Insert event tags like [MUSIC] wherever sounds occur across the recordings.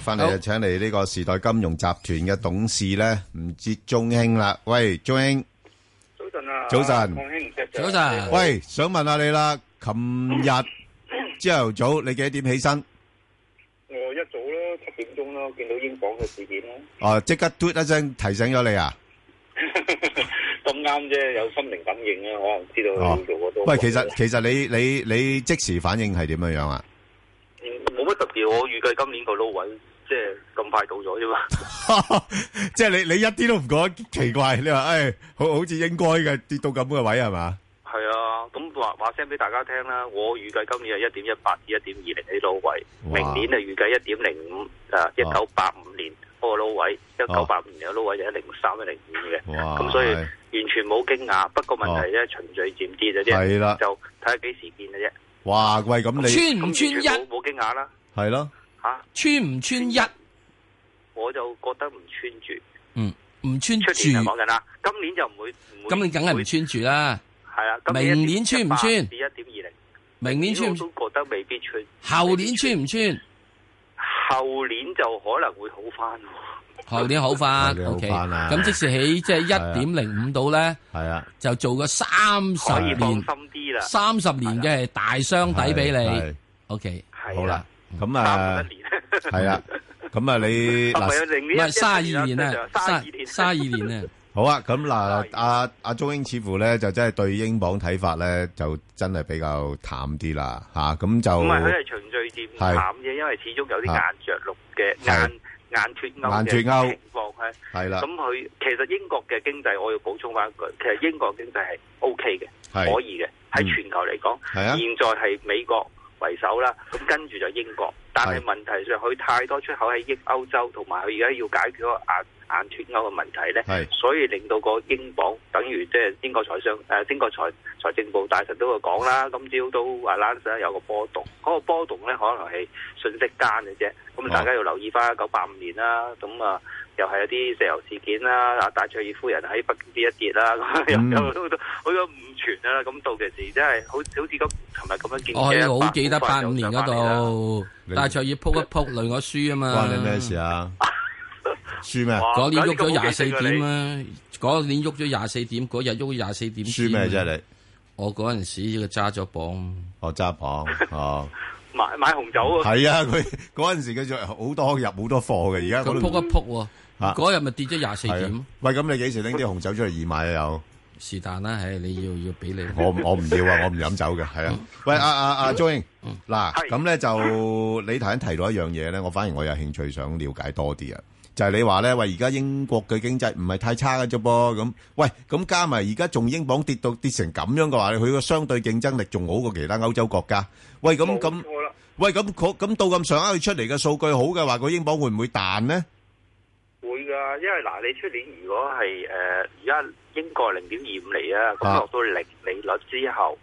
翻嚟就請嚟呢個時代金融集團嘅董事咧，吳捷鐘兄啦。喂，捷鐘兄，早晨啊，早晨，早晨。喂，想問下你啦，琴日朝頭早你幾多點起身？我一早啦，七點鐘啦，見到英鎊嘅事件啦。哦，即刻嘟一聲提醒咗你啊？咁啱啫，有心靈感應啊，我唔知道。喂，其實其實你你你即時反應係點樣樣啊？唔特別，我預計今年個 low 位即係咁快到咗啫嘛。即係你你一啲都唔覺得奇怪，你話誒好好似應該嘅跌到咁嘅位係嘛？係啊，咁話話聲俾大家聽啦。我預計今年係一點一八至一點二零啲 low 位，明年係預計一點零五誒一九八五年個 low 位，一九八五年嘅 low 位就一零三一零五嘅。咁哇所以完全冇驚訝，啊、不過問題咧循序漸跌咗啫。係啦的，就睇下幾時見嘅啫。哇，喂，咁你穿唔穿入冇驚訝啦？係咯，吓穿唔穿一，我就覺得唔穿住。嗯，唔穿住。出線係冇人啦。今年就唔會，今年梗係唔穿住啦。係啊，明年穿唔穿？一點二零。明年穿唔穿？都覺得未必穿。後年穿唔穿？後年就可能會好翻。後年好翻，O K。咁即時起即係一點零五度咧，係啊，就做個三十年，可以放心啲啦。三十年嘅大箱底俾你，O K。好啦。咁啊，係啊，咁啊，你嗱，係卅二年啊，卅二年，卅二年啊，好啊，咁嗱，阿阿中英似乎咧就真係對英鎊睇法咧就真係比較淡啲啦，嚇，咁就唔係佢係循序漸淡嘅，因為始終有啲硬着陸嘅硬硬脱歐嘅情況咧，係啦，咁佢其實英國嘅經濟，我要補充翻一句，其實英國經濟係 O K 嘅，可以嘅，喺全球嚟講，現在係美國，為首啦，咁跟住就英國，但係問題上佢太多出口喺歐洲，同埋佢而家要解決個硬硬脱歐嘅問題咧，是所以令到個英鎊等於即係英國財相，誒、呃、英國財財政部大臣都會講啦，今朝都話 London 有個波動，嗰、那個波動咧可能係瞬息間嘅啫，咁大家要留意翻一九八五年啦，咁啊。又係一啲石油事件啦，阿戴卓爾夫人喺北京跌一跌啦，咁樣都都好咗五全啦。咁到其時真係好好似咁琴日咁樣。哦，我好記得八五年嗰度，戴卓爾扑一扑，累我輸啊嘛。關你咩事啊？輸咩？嗰年喐咗廿四點啊！嗰年喐咗廿四點，嗰日喐咗廿四點。輸咩啫你？我嗰陣時個揸咗磅，我揸磅，啊！買買紅酒啊！係啊，佢嗰陣時佢就好多入好多貨嘅，而家佢扑一扑。嗰日咪跌咗廿四點。喂，咁你幾時拎啲紅酒出嚟義賣啊？又是但啦，唉，你要要俾你。我我唔要啊，我唔飲酒嘅，係啊。喂，阿阿阿鍾英，嗱，咁咧就你頭先提到一樣嘢咧，我反而我有興趣想了解多啲啊。就係你話咧，喂，而家英國嘅經濟唔係太差嘅啫噃。咁，喂，咁加埋而家仲英鎊跌到跌成咁樣嘅話，佢個相對競爭力仲好過其他歐洲國家。喂，咁咁，喂，咁咁到咁上下出嚟嘅數據好嘅話，個英鎊會唔會彈咧？因為嗱，你出年如果係誒而家英國零點二五釐啊，咁落到零利率之後，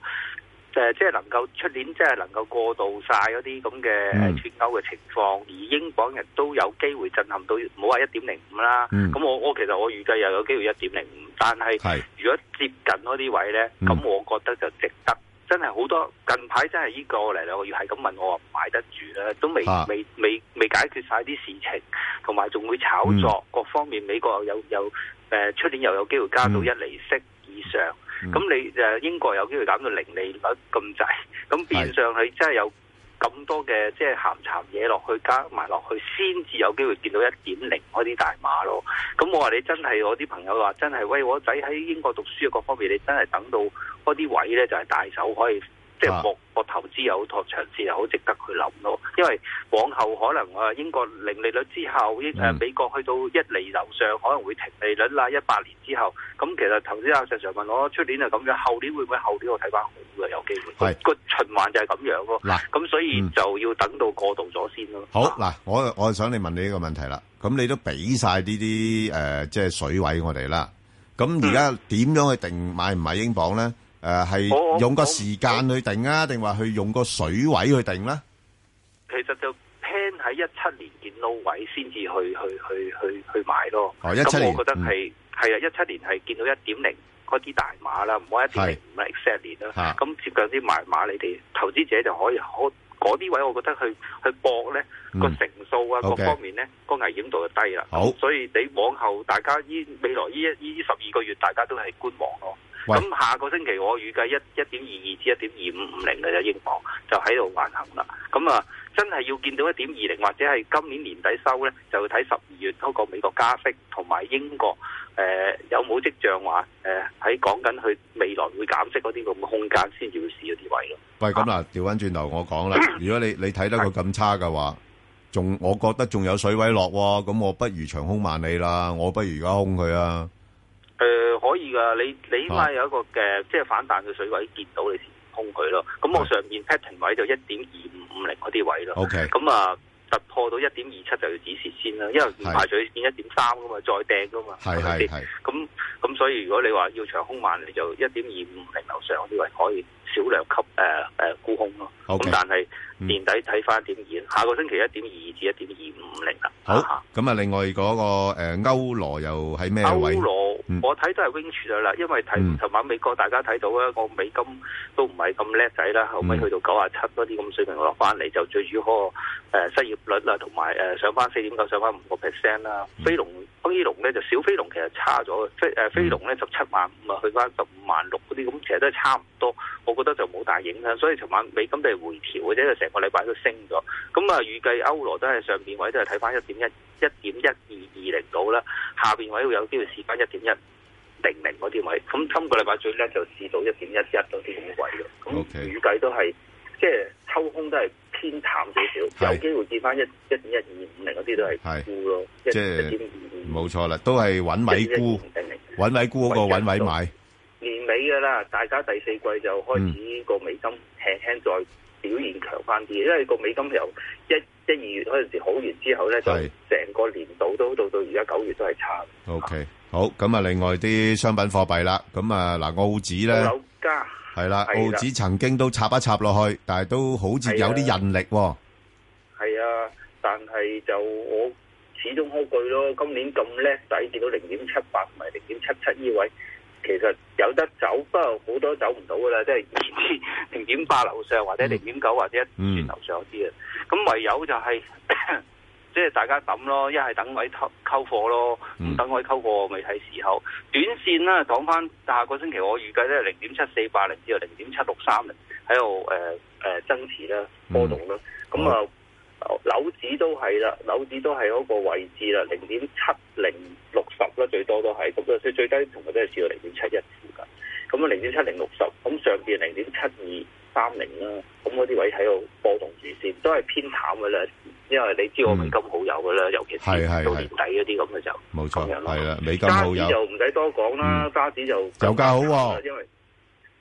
誒即係能夠出年即係能夠過渡晒嗰啲咁嘅脫歐嘅情況，嗯、而英鎊亦都有機會震撼到，唔好話一點零五啦。咁、嗯、我我其實我預計又有機會一點零五，但係是如果接近嗰啲位咧，咁、嗯、我覺得就值得。真係好多近排真係呢個嚟兩個月係咁問我，話買得住咧，都未未未未解決晒啲事情，同埋仲會炒作各方面。美國有有誒出年又有機會加到一厘息以上，咁你誒英國有機會減到零利率咁滯，咁變相係真係有。嗯嗯嗯咁多嘅即係鹹鹹嘢落去加埋落去，先至有機會見到一點零嗰啲大碼咯。咁我話你真係，我啲朋友話真係，喂，我個仔喺英國讀書嘅各方面你真係等到嗰啲位呢，就係、是、大手可以。即係我我投資有套長線又好值得去諗咯，因為往後可能啊英國零利率之後，誒美國去到一厘以上可能會停利率啦，一百年之後，咁其實投資家常常問我，出年就咁樣，後年會唔會後年我睇翻好嘅有機會，個循環就係咁樣咯。嗱，咁所以就要等到過渡咗先咯。好嗱，我我想你問你呢個問題啦，咁你都俾晒呢啲誒即係水位我哋啦，咁而家點樣去定買唔買英鎊咧？誒，係、呃、用個時間去定啊，定話去用個水位去定咧、啊？其實就偏喺一七年見到位先至去去去去去買咯。哦，一七年，我覺得係係啊，一七、嗯、年係見到一點零嗰啲大碼啦，唔好一點零唔係四十年啦。咁接近啲買碼，你哋投資者就可以可嗰啲位，我覺得去去搏咧個成數啊，各方面咧個危險度就低啦。好，所以你往後大家依未來依一依十二個月，大家都係觀望咯。咁喂下個星期我預計一一點二二至一點二五五零嘅英鎊就喺度橫行啦。咁啊，真係要見到一點二零或者係今年年底收呢，就睇十二月嗰個美國加息同埋英國誒、呃、有冇跡象話誒喺講緊佢未來會減息嗰啲咁嘅空間，先至會試啲位咯。喂，咁啊，調翻轉頭我講啦。如果你你睇得佢咁差嘅話，仲我覺得仲有水位落喎、啊，咁我不如長空萬里啦，我不如而家空佢啊。誒、呃，可以噶，你你起碼有一個嘅，即係反彈嘅水位見到你先空佢咯。咁我上面 pattern 位就一點二五五零嗰啲位咯。OK，咁啊突破到一點二七就要止蝕先啦，因為排水見一點三噶嘛，再掟噶嘛係係係。咁咁所以如果你話要長空慢你就一點二五五零樓上嗰啲位可以少量吸誒誒沽空咯。咁、呃呃、Okay. 但係年底睇翻一點二，嗯、下個星期一點二至一點二五五零啦。好，咁啊另外嗰、那個誒歐羅又喺咩位？歐羅我睇都係 windfall 啦，因為睇同埋美國大家睇到啊，個美金都唔係咁叻仔啦，後尾去到九啊七嗰啲咁水平落翻嚟，就最主要嗰個，誒失業率啊，同埋誒上翻四點九，上翻五個 percent 啦，飛龍。飛龍咧就小飛龍，其實差咗。飛誒飛龍咧十七萬五啊，去翻十五萬六嗰啲，咁其實都係差唔多。我覺得就冇大影響。所以尋晚美金都係回調，或者成個禮拜都升咗。咁啊預計歐羅都係上邊位都係睇翻一點一、一點一二二零到啦。下邊位會有機會試翻一點一零零嗰啲位。咁今個禮拜最叻就試到一點一一嗰啲咁嘅位咯。咁預計都係。即係抽空都係偏淡少少，有機會跌翻一一點一二五零嗰啲都係沽咯，即係一點二五。冇錯啦，都係揾位沽，揾位沽過揾位買。年尾噶啦，大家第四季就開始個美金輕輕再表現強翻啲，因為個美金由一、一、二月嗰陣時好完之後咧，就成個年度都到到而家九月都係差。OK，好，咁啊，另外啲商品貨幣啦，咁啊嗱，澳紙咧。係啦，澳紙曾經都插一插落去，但係都好似有啲韌力、哦。係啊，但係就我始終嗰句咯，今年咁叻仔，見到零點七八，唔係零點七七呢位，其實有得走，不過好多走唔到噶啦，即係零點八樓上或者零點九或者一元樓上嗰啲嘅。咁者、嗯、唯有就係、是。 [LAUGHS] 即係大家抌咯，一係等位溝貨咯，嗯、等位溝貨咪睇時候。短線咧講翻，下個星期我預計咧零點七四八零至到零點七六三零喺度誒誒增持啦，波動啦。咁啊樓指都係啦，樓指都係嗰個位置啦，零點七零六十啦最多都係咁啊，最最低同埋都係試到零點七一附近。咁啊零點七零六十，咁上邊零點七二。三零啦，咁嗰啲位喺度波動住先，都係偏淡噶啦。因為你知我美金好友噶啦，嗯、尤其是到年底嗰啲咁嘅就冇錯，係啦、嗯錯。美金好友就唔使多講啦，家子就油價好、啊，因為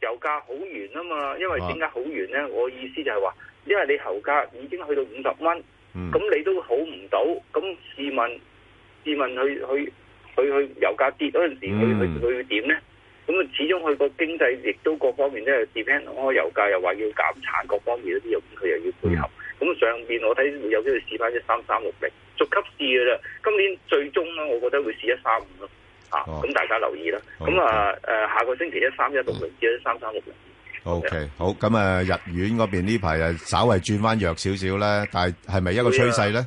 油價好懸啊嘛。因為點解好懸咧？我意思就係話，因為你油價已經去到五十蚊，咁、嗯、你都好唔到，咁試問，試問佢佢佢去油價跌嗰陣時，佢佢佢會點咧？咁啊，始終佢個經濟亦都各方面咧，depend 開油價，又話要減產，各方面嗰啲又咁佢又要配合。咁上邊我睇有機會試翻一三三六零，逐級試噶啦。今年最終咧，我覺得會試一三五咯。啊，咁大家留意啦。咁啊，誒下個星期一三一六零至一三三六零。OK，好。咁啊，日元嗰邊呢排誒稍為轉翻弱少少咧，但係係咪一個趨勢咧？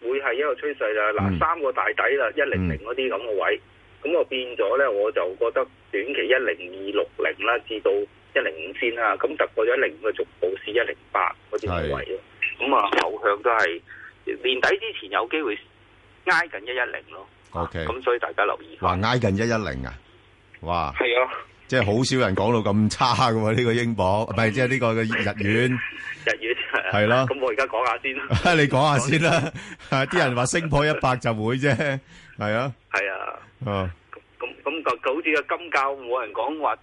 會係一個趨勢啦。嗱，三個大底啦，一零零嗰啲咁嘅位。咁我變咗咧，我就覺得短期一零二六零啦，至到一零五線啦，咁突破咗一零五，嘅逐步試一零八嗰啲位咯。咁啊，後向都係年底之前有機會挨近一一零咯。O K，咁所以大家留意。話挨近一一零啊？哇！係啊，即係好少人講到咁差嘅喎。呢個英鎊唔係，即係呢個嘅日元。日元係咯。咁我而家講下先啦，你講下先啦。啲人話升破一百就會啫。係啊。係啊。啊，咁咁就好似個金價冇人講話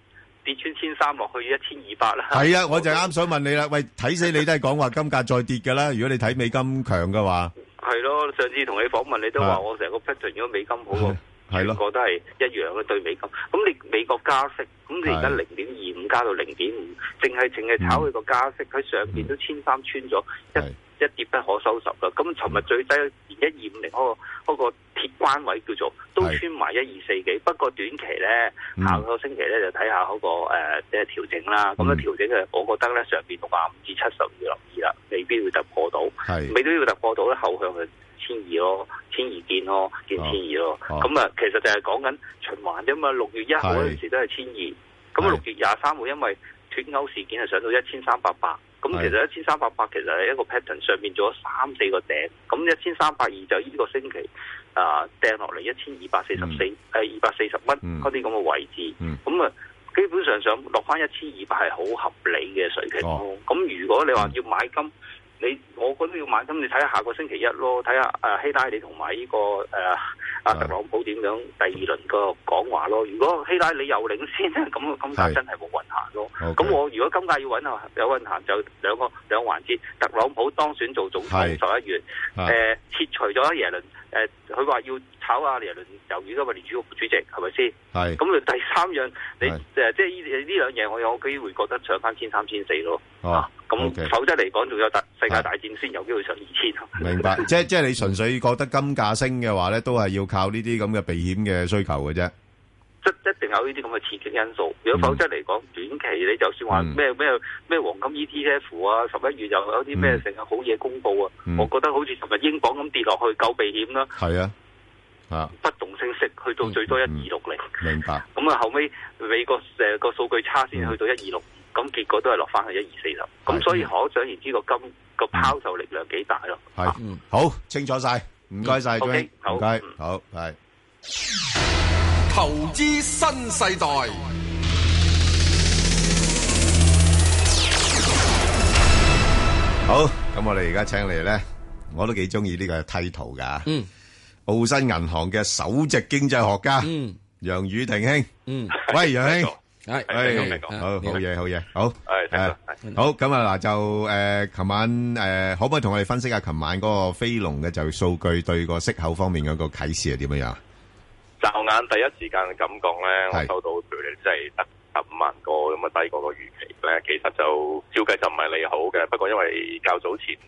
跌穿千三落去一千二百啦。係啊，我就啱想問你啦，喂，睇死你都係講話金價再跌嘅啦。如果你睇美金強嘅話，係咯、 [LAUGHS] 啊，上次同你訪問你都話我成個 pattern 如果美金好，係咯、啊，個都係一樣嘅對美金。咁你美國加息，咁你而家零點二五加到零點五，淨係淨係炒佢個加息，喺、嗯、上邊都千三穿咗一、啊。一跌不可收拾噶，咁尋日最低一二五零嗰個嗰個鐵關位叫做都穿埋一二四幾，不過短期咧、嗯、下個星期咧就睇下嗰、嗰個即係、uh, 調整啦。咁、嗯、樣調整嘅，我覺得咧上邊六百五至七十二零二啦，未必會突破到。係，是的 未都要突破到咧，後向係千二咯，千二見咯，見千二咯。咁啊的，其實就係講緊循環啫嘛。六月一號嗰陣時都係千二，咁啊六月廿三號因為脱歐事件係上到一千三百八。咁、嗯、其實一千三百八其實係一個 pattern 上面做咗三四個頂，咁一千三百二就呢個星期啊掟落嚟一千二百四十四，誒二百四十蚊嗰啲咁嘅位置，咁啊、嗯、基本上上落翻一千二百係好合理嘅水平。咁、哦嗯、如果你話要買金，你我覺得要買金，你睇下下個星期一咯，睇下啊希拉里同埋呢個誒。呃阿、啊、特朗普點樣第二輪個講話咯？如果希拉里又領先，咁今屆真係冇運行咯。咁、okay. 我如果今屆要揾有運行，就兩個兩環節。特朗普當選做總統十一月，誒、呃、撤除咗耶倫。誒，佢話、呃、要炒阿黎麟，由於今日聯儲局副主席係咪先？係、啊。咁第三樣，是你誒即係呢兩樣，我有機會覺得上翻千三千四咯。哦，咁、啊、okay. 否則嚟講，仲有大世界大戰先有機會上二千。明白， [LAUGHS] 即係即係你純粹覺得金價升嘅話咧，都係要靠呢啲咁嘅避險嘅需求嘅啫。一定有呢啲咁嘅刺激因素，如果否則嚟講，短期你就算話咩咩咩黃金 ETF 啊，十一月又有啲咩成日好嘢公佈啊，我覺得好似琴日英鎊咁跌落去夠避險啦。係啊，啊，不動聲色去到最多一二六零，明白。咁啊，後尾美國誒個數據差先去到一二六，咁結果都係落翻去一二四十。咁所以可想而知個金個拋售力量幾大咯。係，嗯，好清楚晒。唔該晒，OK。唔好，係。投資新世代，好，咁我哋而家請嚟咧，我都幾中意呢個 title 噶嗯，澳新銀行嘅首席經濟學家，嗯，楊宇霆兄，嗯，喂，楊兄，係，哎，你好，好嘢，好嘢，啊，好，係，係，好，咁啊嗱，就誒，琴、呃、晚誒、呃，可唔可以同我哋分析下，琴晚嗰個非農嘅就數據對個息口方面嗰個啟示係點樣樣？就眼第一時間嘅感覺咧，是我收到佢哋即係得十五萬個咁啊，低過個預期咧。其實就照計就唔係利好嘅，不過因為較早前星期、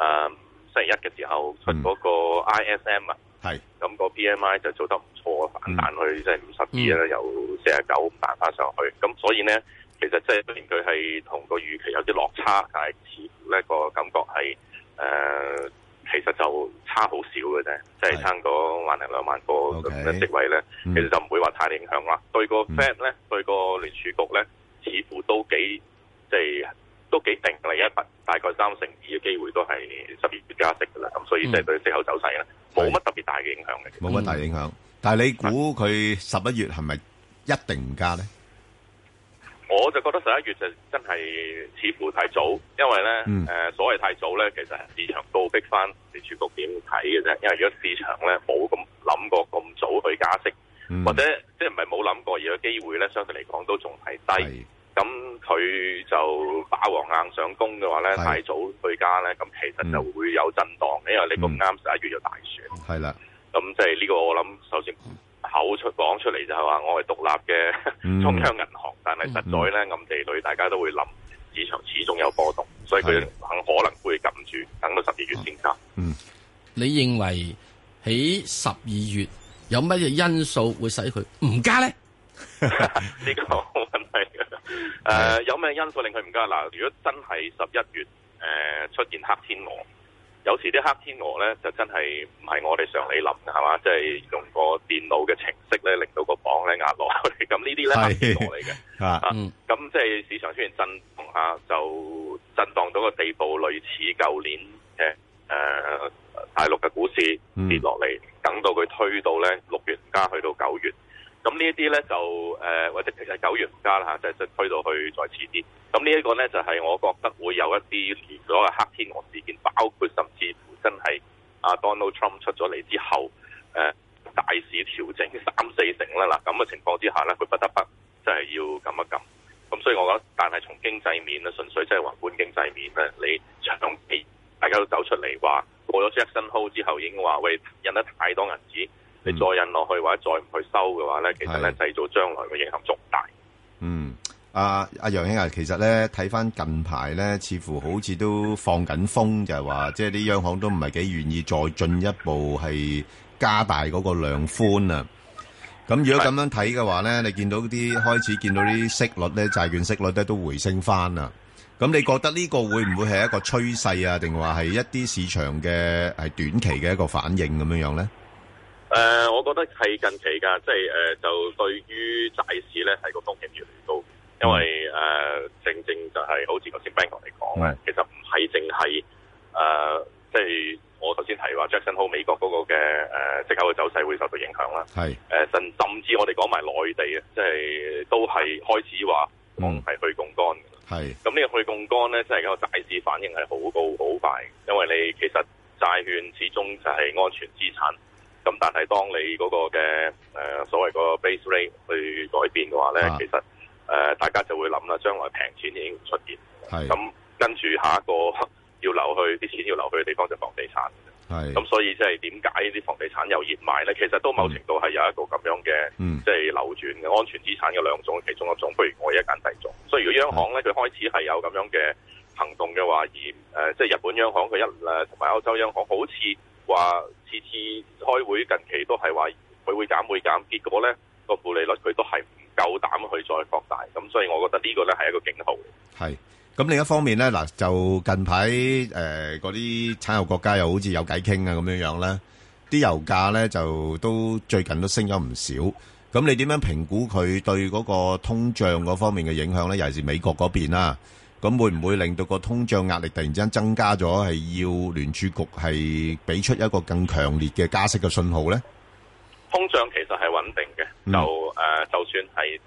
呃、一嘅時候出嗰個 ISM 啊、嗯，係咁個 PMI 就做得唔錯，反彈去即係五十二啦，由四啊九彈翻上去。咁所以咧，其實即係雖然佢係同個預期有啲落差，但係似乎呢、那個感覺係誒。呃其實就差好少嘅啫，即係是差個萬零兩萬個咁嘅職位咧，okay, 其實就唔會話太影響啦。嗯、對個 Fed 咧，嗯、對個聯儲局咧，似乎都幾即係、即係、都幾定嘅，一大概三成二嘅機會都係十二月加息嘅啦。咁所以即係對息口走勢咧，冇乜、嗯、特別大嘅影響嘅，冇乜大影響。但係你估佢十一月係咪一定唔加咧？我就覺得十一月就真係似乎太早，因為咧誒、嗯呃、所謂太早咧，其實市場倒逼翻，你處局點睇嘅啫？因為如果市場咧冇咁諗過咁早去加息，嗯、或者即係唔係冇諗過而有機會咧，相對嚟講都仲係低。咁佢是就霸王硬上弓嘅話咧，是太早去加咧，咁其實就會有震盪，嗯、因為你咁啱十一月就大選。係啦、嗯，咁即係呢個我諗首先。口出講出嚟就係話我係獨立嘅中央銀行，嗯、但係實在呢暗、嗯、地裏，大家都會諗市場始終有波動，的所以佢很可能會撳住，等到十二月先加。嗯，你認為喺十二月有乜嘢因素會使佢唔加呢？呢個問題，誒有咩因素令佢唔加？嗱，如果真係十一月、呃、出現黑天鵝？有時啲黑天鵝咧就真係唔係我哋常理諗嚇嘛，即係、就是、用個電腦嘅程式咧，令到個榜咧壓落嚟，咁 [LAUGHS] 呢啲咧 [LAUGHS] 黑天鵝嚟嘅嚇。咁即係市場出現震動下、啊，就震動到個地步，類似舊年誒誒、呃、大陸嘅股市跌落嚟， [LAUGHS] 等到佢推到咧六月加去到九月。咁呢一啲咧就誒，或、呃、者其實九月唔加啦嚇，即係即推到去再遲啲。咁呢一個咧就係、是、我覺得會有一啲連嗰個黑天鵝事件，包括甚至乎真係阿 Donald Trump 出咗嚟之後，誒、啊、大市調整三四成啦嗱，咁、啊、嘅情況之下咧，佢不得不就係要撳一撳。咁所以我覺得，但係從經濟面咧，純粹即係宏觀經濟面咧，你長期大家都走出嚟話過咗 Jackson Hole 之後，已經話喂印得太多銀紙。你、嗯、再印落去或者再唔去收嘅話呢，其實呢，製是造將來嘅影響仲大。嗯，阿阿楊兄啊，其實呢，睇翻近排呢，似乎好似都放緊風，就係、是、話即係啲央行都唔係幾願意再進一步係加大嗰個量寬啊。咁如果咁樣睇嘅話呢是你見到啲開始見到啲息率呢，債券息率呢都回升翻啊。咁你覺得呢個會唔會係一個趨勢啊？定話係一啲市場嘅係短期嘅一個反應咁樣樣呢？誒、呃，我覺得係近期噶，即係誒、呃，就對於債市咧，係個風險越嚟越高，因為誒、嗯呃，正正就係、是、好似頭先 bank 嚟講，嗯、其實唔係淨係誒，即係我頭先提話 Jackson Hole 美國嗰個嘅誒息口嘅走勢會受到影響啦。係誒是，甚、呃、甚至我哋講埋內地啊，即、就、係、是、都係開始話，我係去槓桿。係咁呢個去槓桿咧，即係個債市反應係好高好快，因為你其實債券始終就係安全資產。咁、嗯、但係當你嗰個嘅誒、呃、所謂個 base rate 去改變嘅話咧，啊、其實誒、呃、大家就會諗啦，將來平錢已經出現，係咁跟住下一個要流去啲錢要流去嘅地方就房地產，係咁是、嗯、所以即係點解啲房地產又熱賣咧？其實都某程度係有一個咁樣嘅即係流轉嘅安全資產嘅兩種，其中一種，不如我而家揀第二種。所以如果央行咧佢是開始係有咁樣嘅行動嘅話，而誒、呃呃、即係日本央行佢一誒同埋歐洲央行好似。話次次開會近期都係話佢會減會減，結果呢個負利率佢都係唔夠膽去再擴大，咁所以我覺得呢個呢係一個警號。係咁另一方面呢，嗱就近排誒嗰啲產油國家又好似有偈傾啊，咁樣樣呢啲油價呢，就都最近都升咗唔少。咁你點樣評估佢對嗰個通脹嗰方面嘅影響呢？尤其是美國嗰邊啦。咁會唔會令到個通脹壓力突然之間增加咗，係要聯儲局係俾出一個更強烈嘅加息嘅信號呢？通脹其實係穩定嘅，就誒、嗯，就算係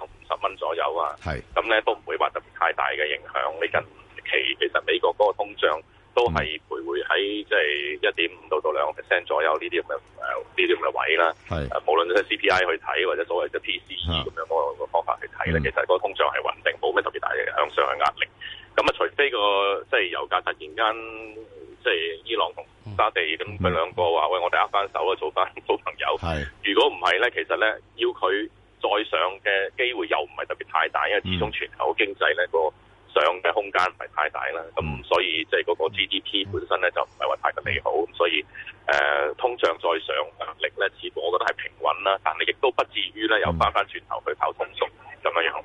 五十蚊左右啊，係咁咧都唔會話特別太大嘅影響。呢近期其實美國嗰個通脹。嗯、都係徘徊喺即係一點五到到兩個 percent 左右呢啲咁嘅誒呢啲咁嘅位啦。係誒是，無論即係 CPI 去睇或者所謂嘅 PCE 咁樣個個方法去睇咧，嗯、其實個通脹係穩定，冇咩特別大嘅向上嘅壓力。咁啊，除非、那個即係、就是、油價突然間即係、就是、伊朗同沙地咁佢兩個話、嗯、喂，我哋握翻手啊，做翻好朋友。係是。如果唔係咧，其實咧要佢再上嘅機會又唔係特別太大，因為始終全球經濟咧、那個。上嘅空間唔係太大啦，咁所以即係嗰個 GDP 本身咧就唔係話太過利好，咁所以誒通脹再上能力咧，似乎我覺得係平穩啦，但係亦都不至於咧又翻翻轉頭去跑通縮咁樣樣。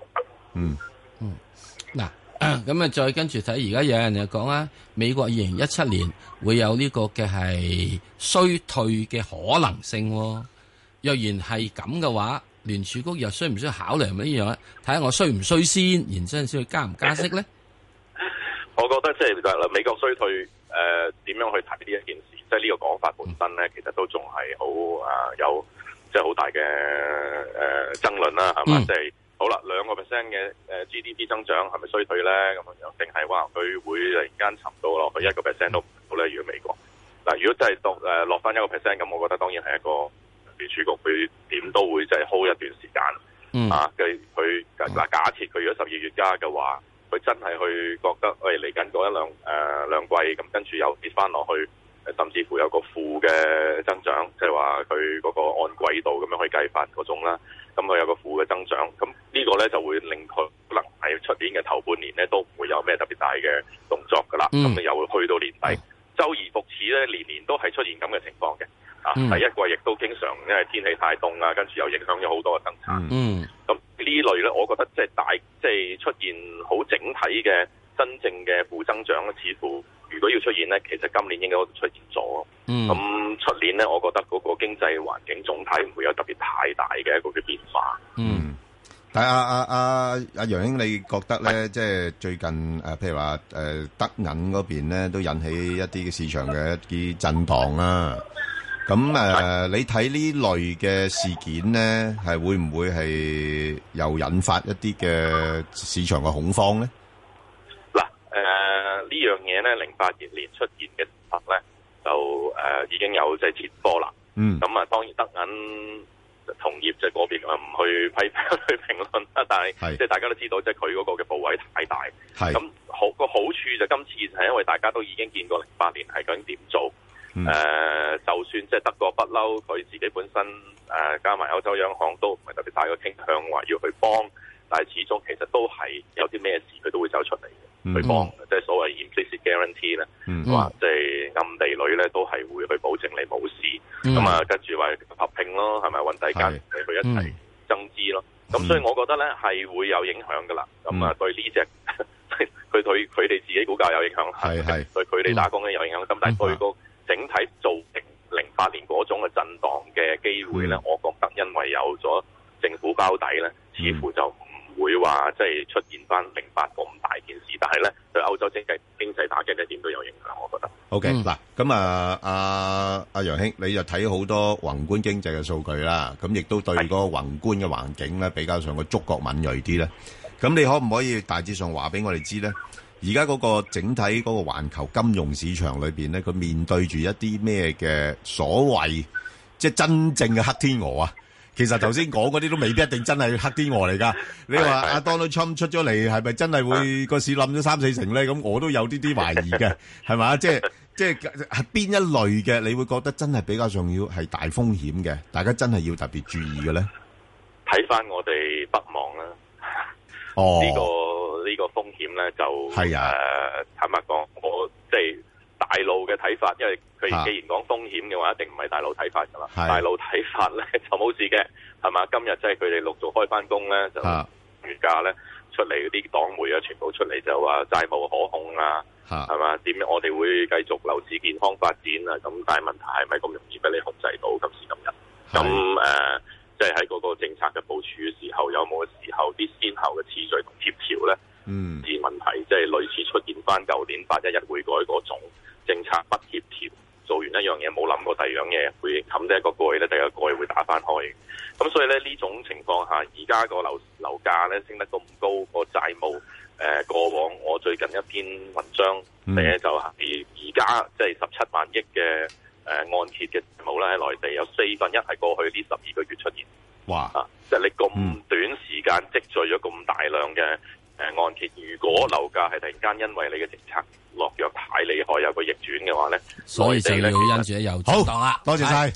嗯嗯，嗱，咁啊，再跟住睇，而家有人就講啊，美國二零一七年會有呢個嘅係衰退嘅可能性喎。若然係咁嘅話，聯儲局又需唔需要考量乜嘢樣咧？睇下我需唔需先，然之後先去加唔加息咧？我覺得即係美國衰退誒，點、呃、樣去睇呢一件事？即係呢個講法本身咧，其實都仲係好啊，有、呃、即係好大嘅誒、呃、爭論啦，係嘛？即係、嗯、好啦，兩個 percent 嘅誒 GDP 增長係咪衰退咧？咁樣定係話，佢會突然間沉到落去一個 percent 都唔到咧？如果美國嗱、呃，如果真係到誒落翻一個 percent，咁我覺得當然係一個。儲局佢點都會即係 hold 一段時間，啊、嗯，佢佢嗱假設佢如果十二月加嘅話，佢真係去覺得，喂嚟緊嗰一兩誒、呃、兩季，咁跟住又跌翻落去，甚至乎有個負嘅增長，即係話佢嗰個按季度咁樣去計返嗰種啦。咁佢有個負嘅增長，咁呢個咧就會令佢可能喺出年嘅頭半年咧都唔會有咩特別大嘅動作噶啦。咁、嗯、你又會去到年底，周、嗯、而復始咧，年年，年都係出現咁嘅情況嘅。啊！嗯、第一季亦都經常，因為天氣太凍啊，跟住又影響咗好多嘅生產。嗯，咁呢類咧，我覺得即係大，即係出現好整體嘅真正嘅負增長咧，似乎如果要出現咧，其實今年應該都出現咗。嗯，咁出年咧，我覺得嗰個經濟環境總體唔會有特別太大嘅一個嘅變化。嗯，但係阿阿阿阿楊英，你覺得咧，的即係最近誒，譬如話誒、呃，德銀嗰邊咧，都引起一啲嘅市場嘅一啲震盪啦。咁誒，呃、是你睇呢類嘅事件咧，係會唔會係又引發一啲嘅市場嘅恐慌咧？嗱、呃，誒呢樣嘢咧，零八年年出現嘅突破咧，就誒、呃、已經有即係前科啦。嗯。咁啊，當然德銀同業即係個別啊，唔去批 [LAUGHS] 去評論啊，但係即係大家都知道，即係佢嗰個嘅部位太大。係是。咁好個好，好處就今次係因為大家都已經見過零八年係究竟點做。誒，就算即係德國不嬲，佢自己本身誒加埋歐洲央行都唔係特別大嘅傾向話要去幫，但係始終其實都係有啲咩事佢都會走出嚟嘅去幫，即係所謂 implicit guarantee 咧，話即係暗地裏咧都係會去保證你冇事。咁啊，跟住話合併咯，係咪揾大家喺佢一齊增資咯？咁所以我覺得咧係會有影響㗎啦。咁啊對呢隻佢佢佢哋自己股價有影響，係係對佢哋打工嘅有影響。咁但係對個會咧，我覺得因為有咗政府包底咧，似乎就唔會話即係出現翻零八咁大件事。但係咧，對歐洲經濟經濟打擊咧，點都有影響。我覺得。OK。嗱，咁啊，阿阿楊兄，你又睇好多宏觀經濟嘅數據啦，咁亦都對嗰個宏觀嘅環境咧比較上個觸覺敏鋭啲咧。咁你可唔可以大致上話俾我哋知咧？而家嗰個整體嗰個環球金融市場裏邊咧，佢面對住一啲咩嘅所謂？即係真正嘅黑天鵝啊！其實頭先講嗰啲都未必一定真係黑天鵝嚟㗎。你話阿、 [LAUGHS] 啊、Donald Trump 出咗嚟，係咪真係會 [LAUGHS] 個市冧咗三四成咧？咁我都有啲啲懷疑嘅，係咪？即係即係係邊一類嘅，你會覺得真係比較重要，係大風險嘅，大家真係要特別注意嘅咧？睇翻我哋北望啦，呢、呢個呢、呢個風險咧就係啊，坦白講，我即係。就係大路嘅睇法，因為佢既然講風險嘅話，一定唔係大路睇法㗎啦。的大路睇法咧就冇事嘅，係嘛？今日即係佢哋陸續開翻工咧，就跌價咧，出嚟嗰啲黨媒啊，全部出嚟就話債務可控啊，係嘛的？點樣我哋會繼續樓市健康發展啊？咁但係問題係咪咁容易俾你控制到今時今日？咁誒的，即係喺嗰個政策嘅部署嘅時候，有冇時候啲先後嘅次序同協調咧？嗯，啲問題即係類似出現翻舊年八一日會改。一個蓋咧，第一個蓋會打翻開咁，所以咧呢種情況下，而家個樓樓價咧升得咁高，個債務誒過往我最近一篇文章，嚟咧、嗯、就係而家即係十七萬億嘅誒按揭嘅債務咧喺內地有四分一係過去呢十二個月出現。哇！即係你咁短時間積聚咗咁大量嘅誒按揭，如果樓價係突然間因為你嘅政策落藥太厲害，有個逆轉嘅話咧，所以地咧會因住啲有好。多謝晒、哎。